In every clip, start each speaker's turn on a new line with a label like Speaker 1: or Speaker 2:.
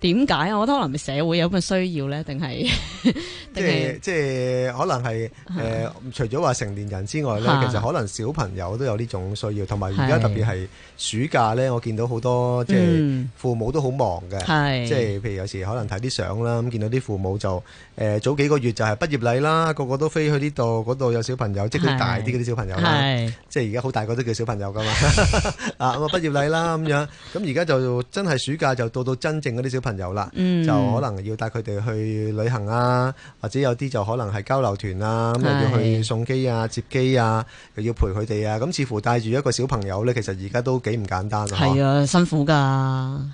Speaker 1: 點解啊？我覺得可能社會有咁嘅需要咧，定係
Speaker 2: 即係即係可能係誒，除咗話成年人之外咧，其實可能小朋友都有呢種需要。同埋而家特別係暑假咧，我見到好多即係父母都好忙嘅，即係譬如有時可能睇啲相啦，咁見到啲父母就誒早幾個月就係畢業禮啦，個個都飛去呢度嗰度有小朋友，即係佢大啲嗰啲小朋友啦，即係而家好大個都叫小朋友噶嘛啊咁啊，畢業禮啦咁樣，咁而家就真係暑假就到到真正嗰啲小朋朋友啦，就可能要帶佢哋去旅行啊，或者有啲就可能係交流團啊，咁又要去送機啊、接機啊，又要陪佢哋啊，咁似乎帶住一個小朋友呢，其實而家都幾唔簡單啊。係啊，
Speaker 1: 辛苦噶，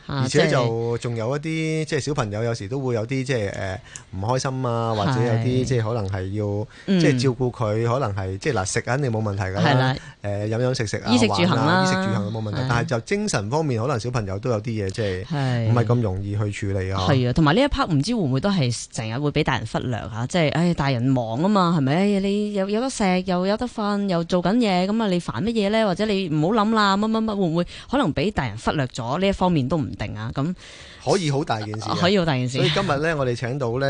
Speaker 1: 而且就
Speaker 2: 仲有一啲即係小朋友，有時都會有啲即係誒唔開心啊，或者有啲即係可能係要即係照顧佢，可能係即係嗱食肯定冇問題噶啦，誒飲飲食食啊，衣食住行啦，衣食住行冇問題，但係就精神方面，可能小朋友都有啲嘢即係唔係咁容易去。去處理啊。係啊，
Speaker 1: 同埋呢一 part 唔知會唔會都係成日會俾大人忽略吓，即係唉，大人忙啊嘛，係咪？你又有得食，又有得瞓，又做緊嘢，咁啊，你煩乜嘢咧？或者你唔好諗啦，乜乜乜，會唔會可能俾大人忽略咗呢一方面都唔定啊？咁
Speaker 2: 可以好大件事，可以好大件事。所以今日咧，我哋請到咧，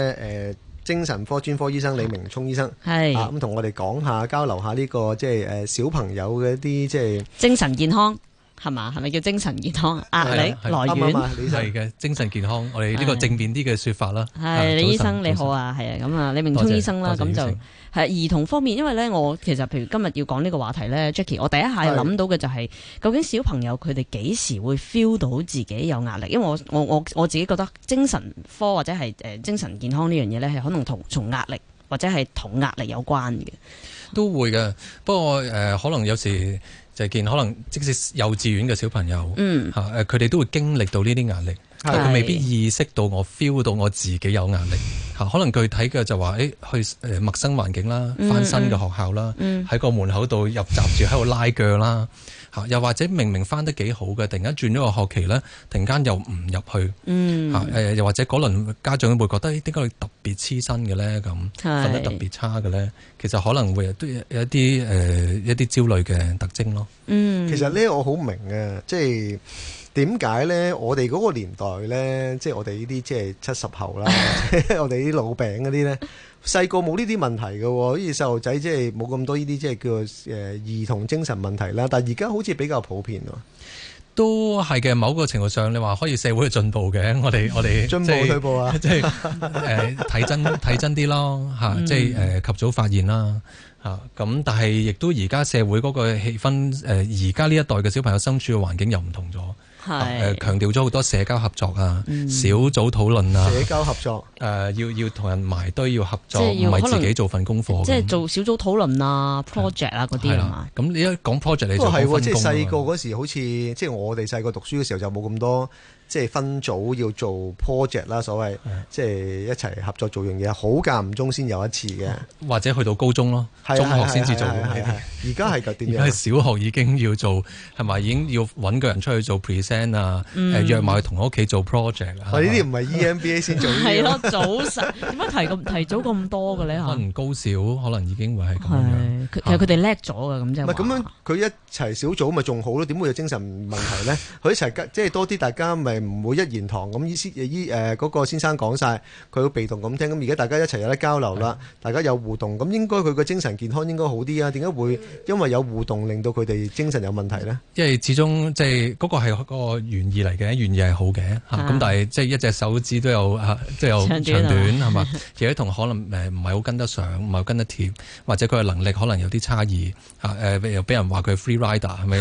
Speaker 2: 誒，精神科專科醫生李明冲醫生，係啊，咁同我哋講下、交流下呢個即係誒小朋友嘅一啲即係精神健康。
Speaker 1: 係嘛？係咪叫精神健康？壓力來
Speaker 3: 源係嘅精神健康，我哋呢個正面啲嘅說法啦。係，李醫生你好啊，
Speaker 1: 係啊，咁啊，李明冲醫生啦，咁就係兒童方面，因為咧，我其實，譬如今日要講呢個話題咧，Jackie，我第一下諗到嘅就係，究竟小朋友佢哋幾時會 feel 到自己有壓力？因為我我我我自己覺得精神科或者係誒精神健康呢樣嘢咧，係可能同從壓力或者係同壓力有關嘅。
Speaker 3: 都會嘅，不過誒，可能有時。就係見可能即使幼稚園嘅小朋友，嚇誒、嗯，佢哋都會經歷到呢啲壓力，但佢是未必意識到我，我 feel 到我自己有壓力嚇。可能具體嘅就話，誒、欸、去誒陌生環境啦，返新嘅學校啦，喺、嗯嗯、個門口度入閘住喺度拉腳啦。又或者明明翻得幾好嘅，突然間轉咗個學期咧，突然間又唔入去。嗯，嚇，又或者嗰輪家長會覺得，點解特別黐身嘅咧？咁瞓得特別差嘅咧，其實可能會有一啲誒、呃、一啲焦慮嘅特徵咯。嗯，
Speaker 2: 其實咧我好唔明嘅、啊，即係點解咧？我哋嗰個年代咧，即係我哋、啊、 呢啲即係七十後啦，我哋啲老餅嗰啲咧。細個冇呢啲問題嘅，好似細路仔即係冇咁多呢啲即係叫誒兒童精神問題啦。但係而家好似比較普遍咯，都
Speaker 3: 係嘅。某個程度上，你話可以社會嘅進步嘅，我哋我哋進步退步啊， 即係誒睇真睇真啲咯，吓即係誒及早發現啦吓。咁、啊、但係亦都而家社會嗰個氣氛，誒而家呢一代嘅小朋友身處嘅環境又唔同咗。
Speaker 2: 係，誒
Speaker 3: 強調咗好多社交合作啊，小組討論啊，社交合作，誒要要同人埋堆要合作，唔係自己做份功課。即係
Speaker 1: 做小組討論啊
Speaker 3: ，project 啊嗰啲係嘛？咁你一講 project 你就有分工啦。都係即係細個
Speaker 2: 嗰時，好似即係我哋細個讀書嘅時候就冇咁多。即係分組要做 project 啦，所謂即係一齊合作做樣嘢，好間唔中先有一次嘅，
Speaker 3: 或者去到高中咯，中學先至做。而家係點樣？而家小學已經要做，係咪已經要揾個人出去做 present 啊？誒，約埋同屋企做 project 啊？呢啲
Speaker 2: 唔係 EMBA 先做？係咯，早
Speaker 1: 曬，點解提咁提早咁多嘅咧？可能
Speaker 2: 高小，可能已經會係咁樣。
Speaker 1: 其實佢哋叻咗㗎，咁即係
Speaker 2: 咁樣？佢一齊小組咪仲好咯？點會有精神問題咧？佢一齊即係多啲，大家咪。唔會一言堂咁，意思誒嗰個先生講晒，佢會被動咁聽。咁而家大家一齊有得交流啦，大家有互動，咁應該佢個精神健康應該好啲啊？點解會因為有互動令到佢哋精神有問題呢？
Speaker 3: 因為始終即係嗰個係個願意嚟嘅，願意係好嘅咁、啊、但係即係一隻手指都有即係、啊、有長短係嘛？亦都同可能誒唔係好跟得上，唔係跟得貼，或者佢嘅能力可能有啲差異嚇誒、啊呃，又俾人話佢 free rider 係咪？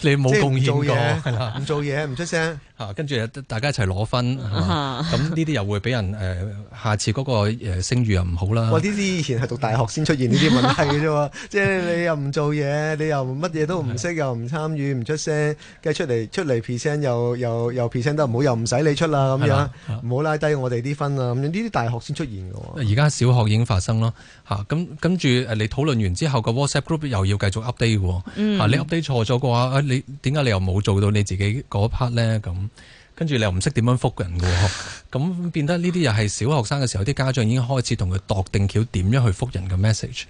Speaker 3: 你冇貢獻過，唔 做嘢，唔 出聲。啊、跟住大家一齊攞分，咁呢啲又會俾人誒、呃，下次嗰個誒聲譽又唔好啦。哇！呢啲
Speaker 2: 以前係讀大學先出現呢啲問題嘅啫，即係 你又唔做嘢，你又乜嘢都唔識，的又唔參與，唔出聲，跟住出嚟出嚟 present 又又又 present 都唔好，又唔使你出啦，咁樣唔好拉低我哋啲分啦。咁樣呢啲大學先出現
Speaker 3: 嘅。而家小學已經發生咯，嚇、啊！咁、嗯嗯、跟住你討論完之後個 WhatsApp group 又要繼續 update 喎、啊，你 update 錯咗嘅話，啊、你點解你又冇做到你自己嗰一 part 咧？咁跟住你又唔識點樣覆人嘅，咁 變得呢啲又係小學生嘅時候，啲家長已經開始同佢度定橋點樣去覆人嘅 message。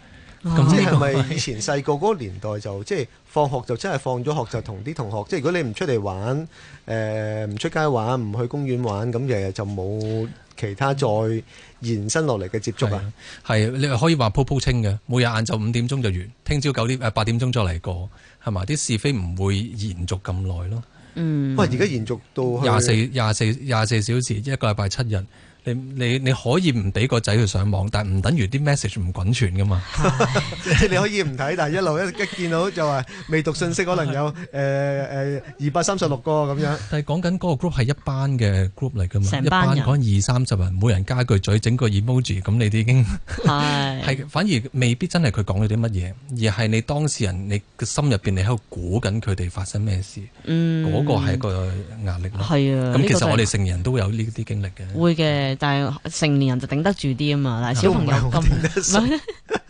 Speaker 3: 咁、啊、即係咪以
Speaker 2: 前細個嗰個年代就即係放學就真係放咗學就同啲同學，即係如果你唔出嚟玩，誒、呃、唔出街玩，唔去公園玩，咁日日就冇其他再延伸落嚟嘅接觸、嗯、啊。
Speaker 3: 係你、啊、可以話鋪鋪清嘅，每日晏晝五點鐘就完，聽朝九點八點鐘再嚟過，係嘛？啲是非唔會延續咁耐咯。
Speaker 2: 嗯，喂、啊，而家延續到廿四、
Speaker 3: 廿四、廿四小時，一個禮拜七日。你你你可以唔俾個仔去上網，但係唔等於啲 message 唔滾傳㗎嘛？即係
Speaker 2: 你可以唔睇，但係一路一一見到就話未讀信息，可能有誒誒二百三十六個咁樣。
Speaker 3: 但係講緊嗰個 group 係一班嘅 group 嚟㗎嘛？成班人講二三十人，每人加句嘴，整個 emoji，咁你都已經係係反而未必真係佢講咗啲乜嘢，而係你當事人你個心入邊你喺度估緊佢哋發生咩事？嗯，嗰個係一個壓力囉。係啊，咁其實我哋成人都有呢啲經歷嘅。
Speaker 1: 會嘅。但係成年人就頂得住啲啊嘛， 但係小朋友咁。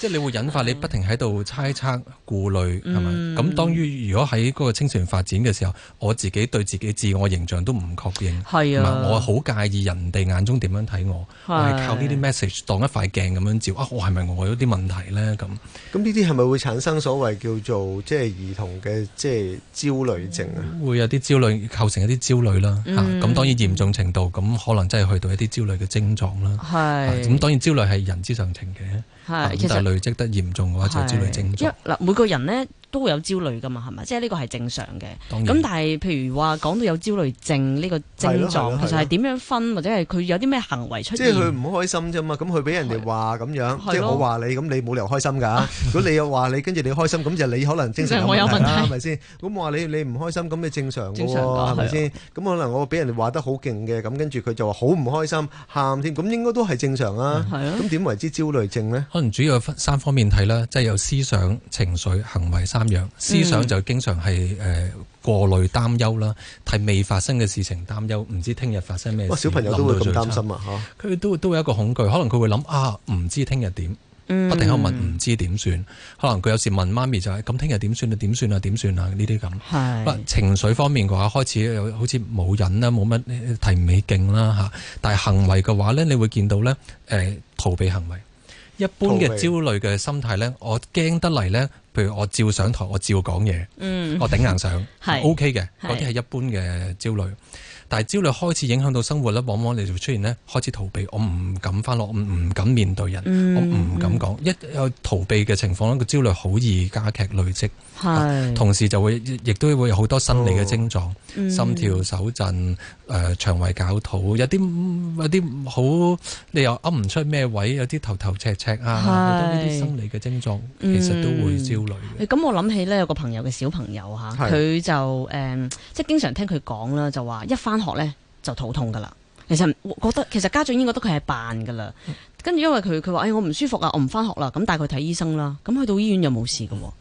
Speaker 3: 即係你會引發你不停喺度猜測、顧慮係嘛？咁當於如果喺嗰個青少年發展嘅時候，我自己對自己自我形象都唔確認，係啊，我好介意人哋眼中點樣睇我，我係靠呢啲 message 當一塊鏡咁樣照啊，我係咪我有啲問題咧？咁
Speaker 2: 咁呢啲係咪會產生所謂叫做即係兒童嘅即係焦慮症啊？
Speaker 3: 會有啲焦慮構成一啲焦慮啦。嚇！咁當然嚴重程度咁可能真係去到一啲焦慮嘅症狀啦。
Speaker 1: 係。咁當
Speaker 3: 然焦慮係人之常情嘅。累積得嚴重嘅話，就焦慮症
Speaker 1: 狀。每個人呢。都會有焦慮㗎嘛，係咪？即係呢個係正常嘅。咁但係，譬如話講到有焦慮症呢個症狀，其實係點樣分，或者係佢有啲
Speaker 2: 咩行為出現？即係佢唔開心啫嘛。咁佢俾人哋話咁樣，即係我話你，咁你冇理由開心㗎。如果你又話你跟住你開心，咁就你可能正常我有問題啦，係咪先？咁我話你你唔開心，咁咪正常㗎，係咪先？咁可能我俾人哋話得好勁嘅，咁跟住佢就話好唔開心，喊添。咁應該都係正常啊。係啊。咁點為之焦慮症咧？
Speaker 3: 可能主要分三方面睇啦，即係有思想、情緒、行為三。咁樣思想就經常係誒過慮、擔憂啦，係、嗯、未發生嘅事情擔憂，唔知聽日發生咩事、哦、小朋友都會咁擔心啊。佢都都會、啊、都都會有一個恐懼，可能佢會諗啊，唔知聽日點，
Speaker 1: 不停咁問唔
Speaker 3: 知點算。嗯、可能佢有時問媽咪就係、是、咁，聽日點算啊？點算啊？點算啊？呢啲咁。是情緒方面嘅話，開始又好似冇癮啦，冇乜提唔起勁啦吓。但係行為嘅話咧，你會見到咧誒、呃、逃避行為。一般嘅焦慮嘅心態咧，我驚得嚟咧。呢呢呢呢呢譬如我照上台，我照講嘢，嗯、
Speaker 2: 我頂硬上
Speaker 3: ，O K 嘅，嗰啲係一般嘅焦慮。但係焦慮開始影響到生活咧，往往你就出現咧開始逃避，我唔敢翻落，我唔敢面對人，嗯、我唔敢講。一有逃避嘅情況咧，個焦慮好易加劇累積是、啊，同時就會亦都會有好多生理嘅症狀，哦嗯、心跳手震，誒、呃，腸胃絞肚，有啲有啲好你又噏唔出咩位，有啲頭頭赤赤啊，好是是、啊、多呢啲生理嘅症狀，其實都會焦慮。
Speaker 1: 咁、啊、我諗起咧，有個朋友嘅小朋友吓，佢就誒，um, 即係經常聽佢講啦，就話一翻學咧就肚痛噶啦。其實覺得，其實家長應該覺得佢係扮噶啦。跟住因為佢佢話誒，我唔舒服啊，我唔翻學啦。咁帶佢睇醫生啦。咁去到醫院又冇事噶、啊。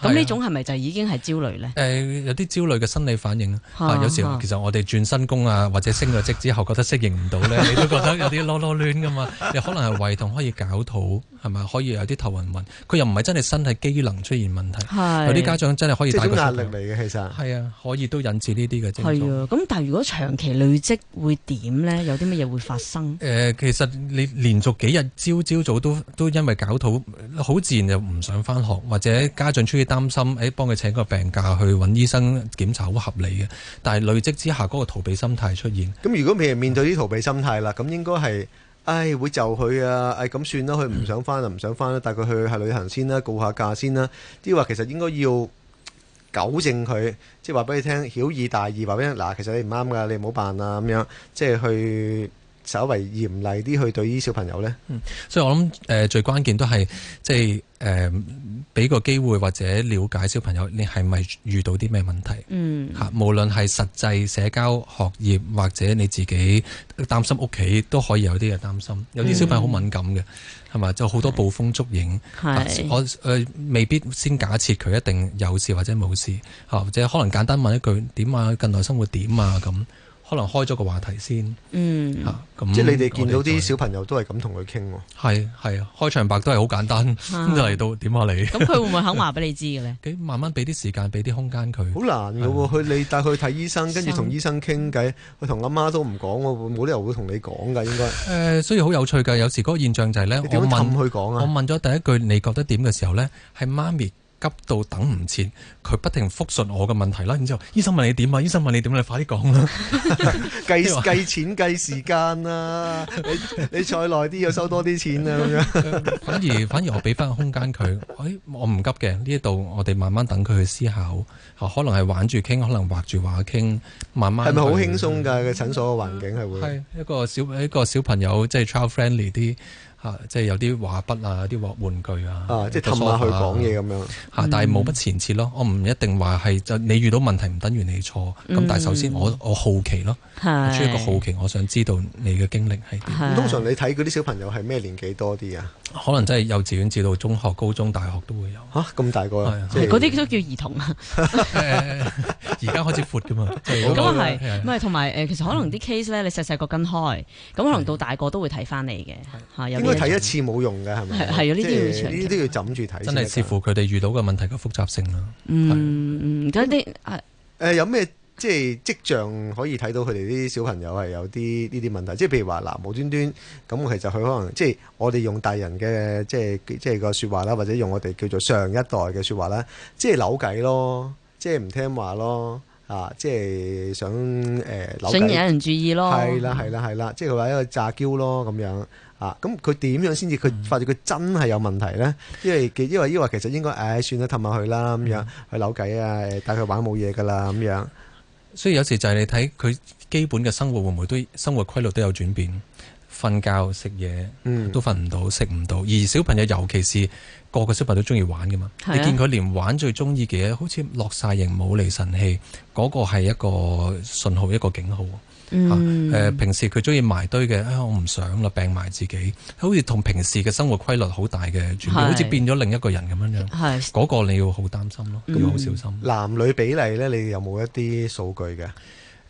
Speaker 3: 咁呢種
Speaker 1: 係咪就是已經係焦慮咧？
Speaker 3: 誒，yeah. uh, 有啲焦慮嘅心理反應。啊、有時候 uh, uh. 其實我哋轉新工啊，或者升咗職，職之後，覺得適應唔到咧，語 que 你都覺得有啲囉囉攣噶嘛。你可能係胃痛，可以搞肚。係咪可以有啲頭暈暈？佢又唔係真係身體機能出現問題。係是有啲家長真係可以帶。即係種壓力
Speaker 2: 嚟嘅其實。係啊，
Speaker 3: 可以都引致呢啲嘅症狀。係啊。
Speaker 1: 咁但係如果長期累積會點呢？有啲乜嘢會發生？
Speaker 3: 誒、呃，其實你連續幾日朝朝早都都因為搞肚，好自然就唔想返學，或者家長出於擔心，誒幫佢請個病假去揾醫生檢查好合理嘅。但係累積之下，嗰、那個逃避心態出現。
Speaker 2: 咁、嗯、如果未面對啲逃避心態啦，咁應該係。唉，會就佢啊！唉，咁算啦，佢唔想返就唔想返啦，帶佢去下旅行先啦、啊，告下假先啦、啊。啲話其實應該要糾正佢，即係話俾你聽，曉以大義，話俾人聽嗱，其實你唔啱㗎，你唔好辦啊，咁樣即係去。稍微嚴厲啲去對於小朋友呢。嗯，
Speaker 3: 所以我諗誒、呃、最關鍵都係即係誒俾個機會或者了解小朋友你係咪遇到啲咩問題，嗯，嚇無論係實際社交學業或者你自己擔心屋企都可以有啲嘅擔心，嗯、有啲小朋友好敏感嘅，係嘛，就好多捕風捉影，係、啊，我誒、呃、未必先假設佢一定有事或者冇事，嚇、啊、或者可能簡單問一句點啊近來生活點啊咁。可能開咗個話題先，嗯嚇咁，樣即係你哋見到啲
Speaker 2: 小朋友都係咁同佢傾喎，係
Speaker 3: 係啊，開場白都係好簡單，咁嚟
Speaker 2: 到點啊你？咁佢會唔會肯話
Speaker 3: 俾你知嘅咧？咁慢慢俾啲時間，俾啲空間佢。好難嘅喎，佢
Speaker 2: 你、嗯、帶佢去睇醫生，跟住同醫生傾偈，佢同阿媽都唔講喎，冇理由會同你講㗎應該。
Speaker 3: 誒、呃，所以好有趣㗎，有時嗰個現象就係、是、咧，我問佢講啊，我問咗第一句你覺得點嘅時候咧，係媽咪。急到等唔切，佢不停覆述我嘅問題啦。然之後，醫生問你點啊？醫生問你點、啊，你快啲講啦！
Speaker 2: 計計錢計時間啦，你你坐耐啲又收多啲錢啊咁樣 。
Speaker 3: 反而反而我俾翻個空間佢，誒我唔急嘅呢一度，我哋慢慢等佢去思考。可能係玩住傾，可能畫住畫傾，慢慢。係咪好輕鬆㗎？嘅診、嗯、
Speaker 2: 所嘅環境係會。係一個小一個
Speaker 3: 小朋友，即係 child friendly 啲。即係有啲畫筆啊，有啲玩具啊，即係氹下去講嘢咁樣。嚇！但係冇乜前設咯，我唔一定話係就你遇到問題唔等於你錯。咁但係首先我我好奇咯，出一個好奇，我想知道你嘅經歷
Speaker 2: 係點。咁通常你睇嗰啲小朋友係咩年紀多啲啊？
Speaker 3: 可能真係幼稚園至到中學、高中、大學都會有。咁大個啊？係。嗰啲都叫
Speaker 1: 兒童啊。而家
Speaker 3: 開始闊㗎嘛？
Speaker 2: 咁
Speaker 1: 啊係。同埋誒，其實可能啲 case 咧，你細細個跟開，咁可能到大個都會睇翻你嘅嚇有。睇一
Speaker 2: 次冇用嘅係咪？係啊，呢啲要呢啲要枕住睇，真係視
Speaker 3: 乎佢哋遇到嘅問題嘅複雜性啦。嗯，
Speaker 1: 咁啲誒，
Speaker 2: 誒、呃、有咩即係跡象可以睇到佢哋啲小朋友係有啲呢啲問題？即係譬如話嗱，無端端咁，其實佢可能即係我哋用大人嘅即係即係個說話啦，或者用我哋叫做上一代嘅說話啦，即係扭計咯，即係唔聽話咯，啊，即係想誒，想引、eh, 人注意咯，係啦，係啦，係啦，即係佢話一個詐嬌咯，咁樣。咁佢點樣先至佢發現佢真係有問題呢？因為嘅，因為其實應該誒，算啦，氹下佢啦，咁樣去扭計啊，帶佢玩冇嘢噶啦，咁樣。
Speaker 3: 所以有時就係你睇佢基本嘅生活會唔會都生活規律都有轉變，瞓覺食嘢，都瞓唔到食唔到。而小朋友尤其是個個小朋友都中意玩㗎嘛，是啊，你見佢連玩最中意嘅嘢好似落晒型，冇離神器，嗰個係一個信號，一個警號。嗯，誒平時佢中意埋堆嘅，哎我唔想啦，病埋自己，好似同平時嘅生活規律好大嘅轉變，好似變咗另一個人咁樣樣，嗰係個你要好擔心咯，
Speaker 2: 嗯，要好小心。男女比例咧，你有冇一啲數據嘅？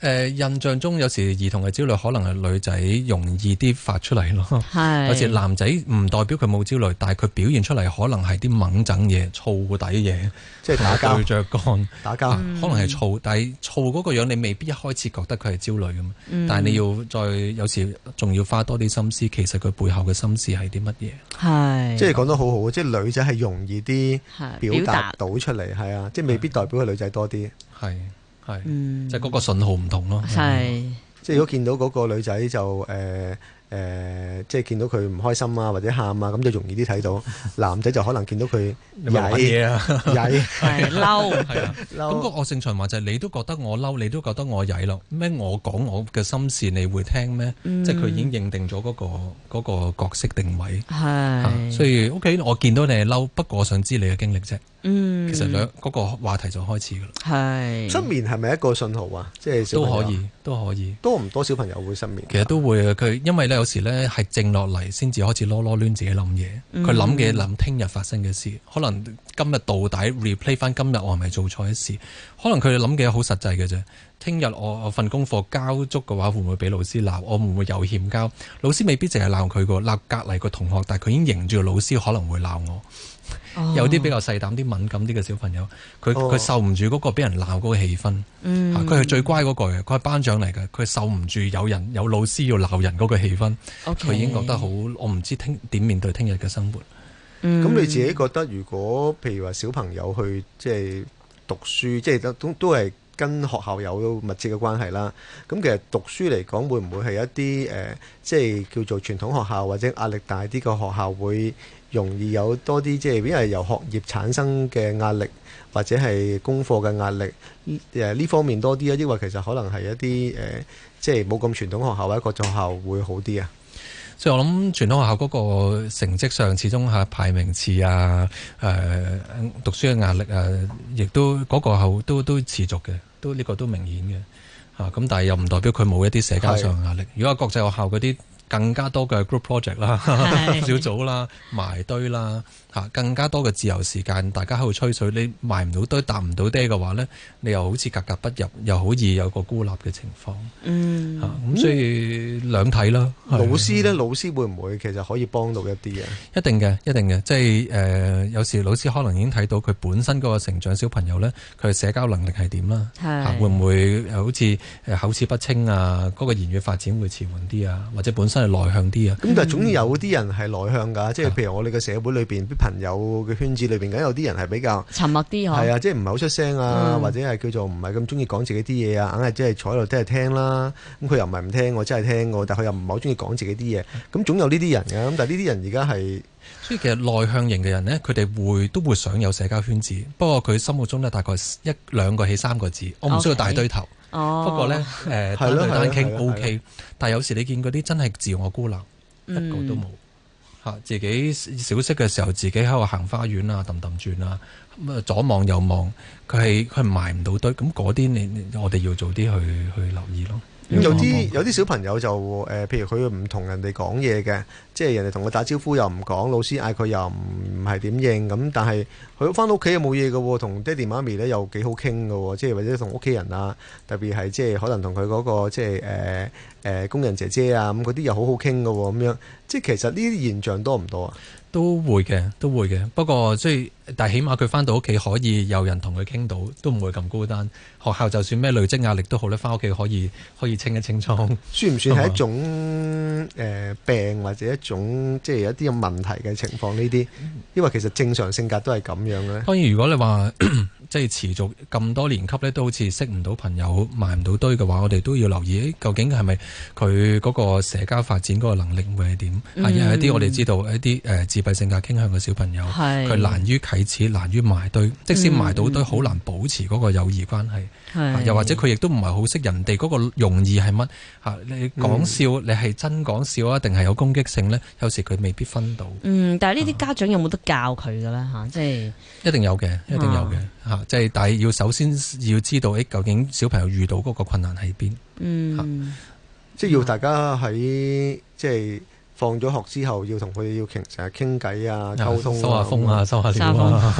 Speaker 3: 誒，印象中，有時兒童嘅焦慮可能係女仔容易啲發出嚟咯。有時男仔唔代表佢冇焦慮，但係佢表現出嚟可能係啲掹整嘢、燥底嘢，即係打交、著幹、打交，可能係燥。但係燥嗰個樣，你未必一開始覺得佢係焦慮㗎嘛。但係你要再，有時仲要花多啲心思，其實佢背後嘅心思係啲乜嘢？
Speaker 2: 係即係講得好好，即係女仔係容易啲表達到出嚟，係啊，即係未必代表係女仔多啲。係。係、
Speaker 3: 嗯嗯呃呃，即係嗰個信
Speaker 2: 號唔同咯。係，即係如果見到嗰個女仔就誒誒，即係見到佢唔開心啊或者喊啊，咁就容易啲睇到。男仔就可能見到佢曳啊，曳係嬲係啊，嬲。咁、啊嗰
Speaker 3: 個惡性循環就係你都覺得我嬲，你都覺得我曳咯。咩？我講我嘅心事你會聽咩？嗯、即係佢已經認定咗嗰、嗰個、嗰個角色定位。
Speaker 1: 係、啊，所
Speaker 3: 以 OK，我見到你係嬲，不過我想知你嘅經歷啫。嗯，其實兩嗰個話題就開始噶啦。
Speaker 2: 係，失眠係咪一個信號啊？即係都可以，都可以，多唔多小朋友會失眠？其
Speaker 3: 實都會啊，佢因為咧有時咧，係靜落嚟，先至開始囉囉攣，自己諗嘢。佢諗嘅諗聽日發生嘅事，可能今日到底 replay 翻，今日我係咪做錯一事？可能佢諗嘅好實際嘅啫。聽日我我份功課交足嘅話，會唔會俾老師鬧？我唔會有欠交？老師未必淨係鬧佢個，鬧隔離個同學，但係佢已經迎住老師，可能會鬧我。哦、有啲比較細膽、啲敏感啲嘅小朋友，佢佢受唔住嗰個俾人鬧嗰個氣氛。佢係、哦啊、最乖嗰、嗰個嘅，佢係班長嚟嘅，佢受唔住有人有老師要鬧人嗰個氣氛，
Speaker 2: 佢 Okay. 已經覺得好，
Speaker 3: 我唔知聽點面對聽日嘅生活。嗯，
Speaker 2: 咁你自己覺得，如果譬如話小朋友去即係讀書，即係都都都係。跟學校有密切嘅關係啦，咁其實讀書嚟講，會唔會係一啲誒、呃，即係叫做傳統學校或者壓力大啲嘅學校會容易有多啲，即係因為由學業產生嘅壓力，或者係功課嘅壓力，誒呢方面多啲啊？抑或其實可能係一啲誒、呃，即係冇咁傳統學校或者國際學校會好啲啊？
Speaker 3: 所以我諗傳統學校嗰個成績上，始終係排名次啊，誒、呃、讀書嘅壓力啊，亦都嗰、嗰個都都持續嘅。都呢、這個都明顯嘅，嚇、啊、咁但係又唔代表佢冇一啲社交上嘅壓力。是如果係國際學校嗰啲更加多嘅 group project 啦、是 小組啦、埋堆啦。更加多嘅自由時間，大家喺度吹水，你埋唔到堆，搭唔到爹嘅話呢，你又好似格格不入，又好易有個孤立嘅情況。嗯，咁、啊、所以兩睇咯、嗯。老師
Speaker 2: 呢，老師會唔會其實可以幫到一啲嘅？
Speaker 3: 一定嘅，一定嘅，即係誒、呃、有時老師可能已經睇到佢本身嗰個成長小朋友呢，佢嘅社交能力係點啦？係是、啊、會唔會好似口齒不清啊？嗰、那個言語發展會遲緩啲啊？或者本身係內向啲啊？咁、嗯嗯
Speaker 2: 嗯、但係總有啲人係內向㗎，即係譬如我哋嘅社會裏邊。朋友嘅圈子裏邊，梗有啲人係比較沉默啲，係啊，即係唔係好出聲啊，或者係叫做唔係咁中意講自己啲嘢啊，梗係即係坐喺度都係聽啦。咁佢又唔係唔聽，我真係聽我，但佢又唔係好中意講自己啲嘢。咁總有呢啲人㗎，咁但係呢啲人而家係，
Speaker 3: 所以其實內向型嘅人呢，佢哋會都會想有社交圈子，不過佢心目中呢，大概一兩個起三個字，我唔需要大堆頭。不過呢，誒，單對單傾 OK，但係有時你見嗰啲真係自我孤立，一個都冇。自己小息嘅時候，自己喺度行花園啊、氹氹轉啊，咁啊左望右望，佢係佢係埋唔到堆。咁嗰啲，你我哋要做啲去去留
Speaker 2: 意咯。嗯、有啲有啲小朋友就誒、呃，譬如佢唔同人哋講嘢嘅，即係人哋同佢打招呼又唔講，老師嗌佢又唔唔係點應。咁但係佢翻到屋企又冇嘢嘅喎，同爹哋媽咪咧又幾好傾嘅喎，即係或者同屋企人啊，特別係即係可能同佢嗰個即係誒誒工人姐姐啊咁嗰啲又好好傾嘅喎，咁樣。即係其實呢啲現象多唔多啊？都會嘅，都會嘅。不過即
Speaker 3: 係，但係起碼佢翻到屋企可以有人同佢傾到，都唔會咁孤單。學校就算咩累積壓力都好咧，翻屋企可以可以清一清倉。算唔算係一
Speaker 2: 種誒、嗯呃、病或者一種即係一啲嘅問題嘅情況呢啲？因為其實正常性格都係咁樣嘅。
Speaker 3: 當然，如果你話即係持續咁多年級咧，都好似識唔到朋友，埋唔到堆嘅話，我哋都要留意究竟係咪佢嗰個社交發展嗰個能力會係點？係嘅，係有一啲、um、我哋知道一啲誒自閉性格傾向嘅小朋友，佢難於啟齒，難於埋堆，埋 um、即使埋到堆，好難保持嗰個友誼關係。又、呃、或者佢亦都唔係好識人哋嗰、那個容易係乜吓？你講笑，你係真講笑啊，定係有攻擊性呢？有時佢未必分到。嗯
Speaker 1: ，um, 但係呢啲家長有冇得教佢噶咧吓？
Speaker 2: 即係、uh,
Speaker 3: 一定有嘅，一定有嘅吓。即係但係要首先要知道誒，究竟小朋友遇到嗰個困難喺邊？
Speaker 2: 嗯、啊 um,，即係要大家喺即係。放咗學之後要同佢要傾成日傾偈啊，溝通，收下風啊，收下料啊。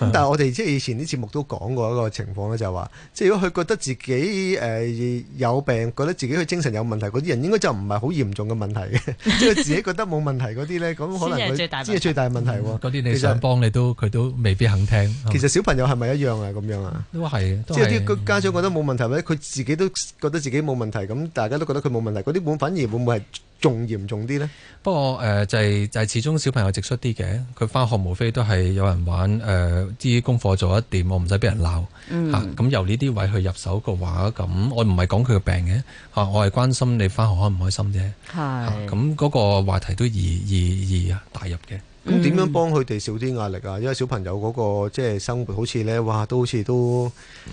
Speaker 2: 咁但係我哋即係以前啲節目都講過一個情況咧，就係話即係如果佢覺得自己誒有病，覺得自己佢精神有問題，嗰啲人應該就唔係好嚴重嘅問題嘅。即係佢自己覺得冇問題嗰啲咧，咁可能先係最大。先係最大問題。嗰啲你想幫你都佢都未必肯聽。其實小朋友係咪一樣啊？咁樣啊？都係，即係啲家長覺得冇問題或者，佢自己都覺得自己冇問題，咁大家都覺得佢冇問題，嗰啲本反而會唔會係？仲嚴重啲呢？
Speaker 3: 不過誒就係就係始終小朋友直率啲嘅，佢翻學無非都係有人玩，誒啲功課做一點，我唔使俾人鬧嚇。咁由呢啲位去入手嘅話，咁我唔係講佢嘅病嘅嚇，我係關心你翻學開唔開心啫。
Speaker 2: 係咁，
Speaker 3: 嗰個話題都易易易啊帶入嘅。
Speaker 2: 咁點、嗯、樣幫佢哋少啲壓力啊？因為小朋友嗰、那個即係、就是、生活，好似呢，哇，都好似都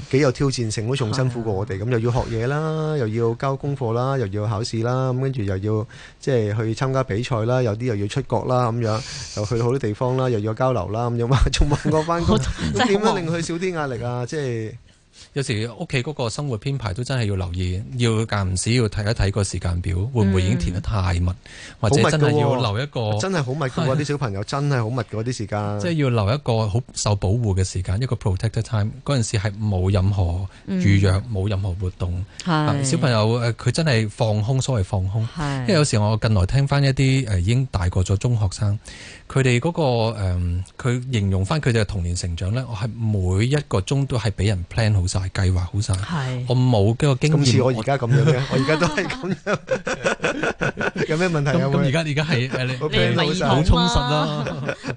Speaker 2: 幾有挑戰性，都仲辛苦過我哋。咁的又要學嘢啦，又要交功課啦，又要考試啦。咁跟住又要即係、就是、去參加比賽啦，有啲又要出國啦咁樣， 又去好多地方啦，又要交流啦咁樣。哇， 仲難過返工，點 樣令佢少啲壓力啊？即係。有時屋企嗰個生
Speaker 3: 活編排都真係要留意，要間唔時要睇一睇個時間表，會唔會已經填得太密，嗯、或者真係要留一個、啊、真係好密啲
Speaker 2: 小朋友真係好密嘅啲時間。即係
Speaker 3: 要留一個好受保護嘅時間，一個 protect time，嗰陣時係冇任何預約，冇、嗯、任何活動。的小朋友佢真係放空，所謂放空。的因為有時我近來聽翻一啲已經大過咗中學生。佢哋嗰個嗯，佢形容翻佢哋嘅童年成長咧，我係每一個鐘都係俾人 plan 好晒，計劃好晒。係是，我冇嗰個經驗。咁似我而家咁 樣，我而
Speaker 2: 家都係咁樣。有咩問題啊？咁而家，而家係你，你好充實啦。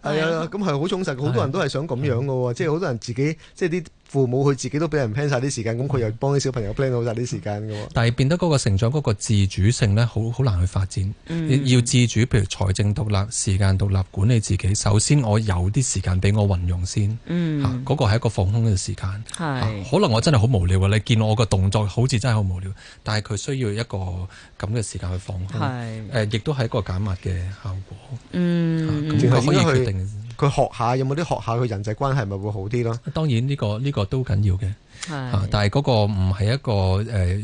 Speaker 2: 係啊，咁係好充實。好多人都係想咁樣嘅，即係好多人自己即係啲。父母佢自己都俾人 plan 晒啲時間，咁佢又幫啲小朋友 plan 好晒啲時間㗎。
Speaker 3: 但係變得嗰個成長嗰個自主性咧，好好難去發展。嗯、要自主，譬如財政獨立、時間獨立、管理自己。首先，我有啲時間俾我運用先。嗯。嚇、啊，嗰個係一個放空嘅時間是、啊。可能我真係好無聊啊！你見我個動作好似真係好無聊，但係佢需要一個咁嘅時間去放空，亦都係一個減壓嘅效果。
Speaker 1: 嗯啊那個、可
Speaker 3: 以決定。佢學下有冇啲學下佢人際關係，咪會好啲咯？當然呢個呢個都緊要嘅。係，但係嗰個唔係一個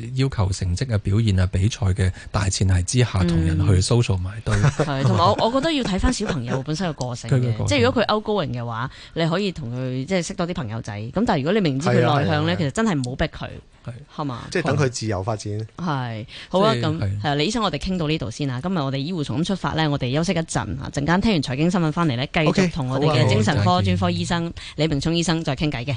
Speaker 3: 誒要求成績嘅表現啊、比賽嘅大前提之下，同人去 social 埋堆。係，同埋我
Speaker 1: 我覺得要睇翻小朋友本身嘅個性嘅，即係如果佢勾 u t 嘅話，你可以同佢即係識多啲朋友仔。咁但係如果你明知佢內向咧，其實真係唔好逼佢，係，嘛？即係等佢自
Speaker 2: 由發展。
Speaker 1: 係，好啊，咁係啊，李醫生，我哋傾到呢度先啊。今日我哋醫護從咁出發咧，我哋休息一陣啊，陣間聽完財經新聞翻嚟咧，繼續同我哋嘅精神科專科醫生李明聰醫生再傾偈嘅。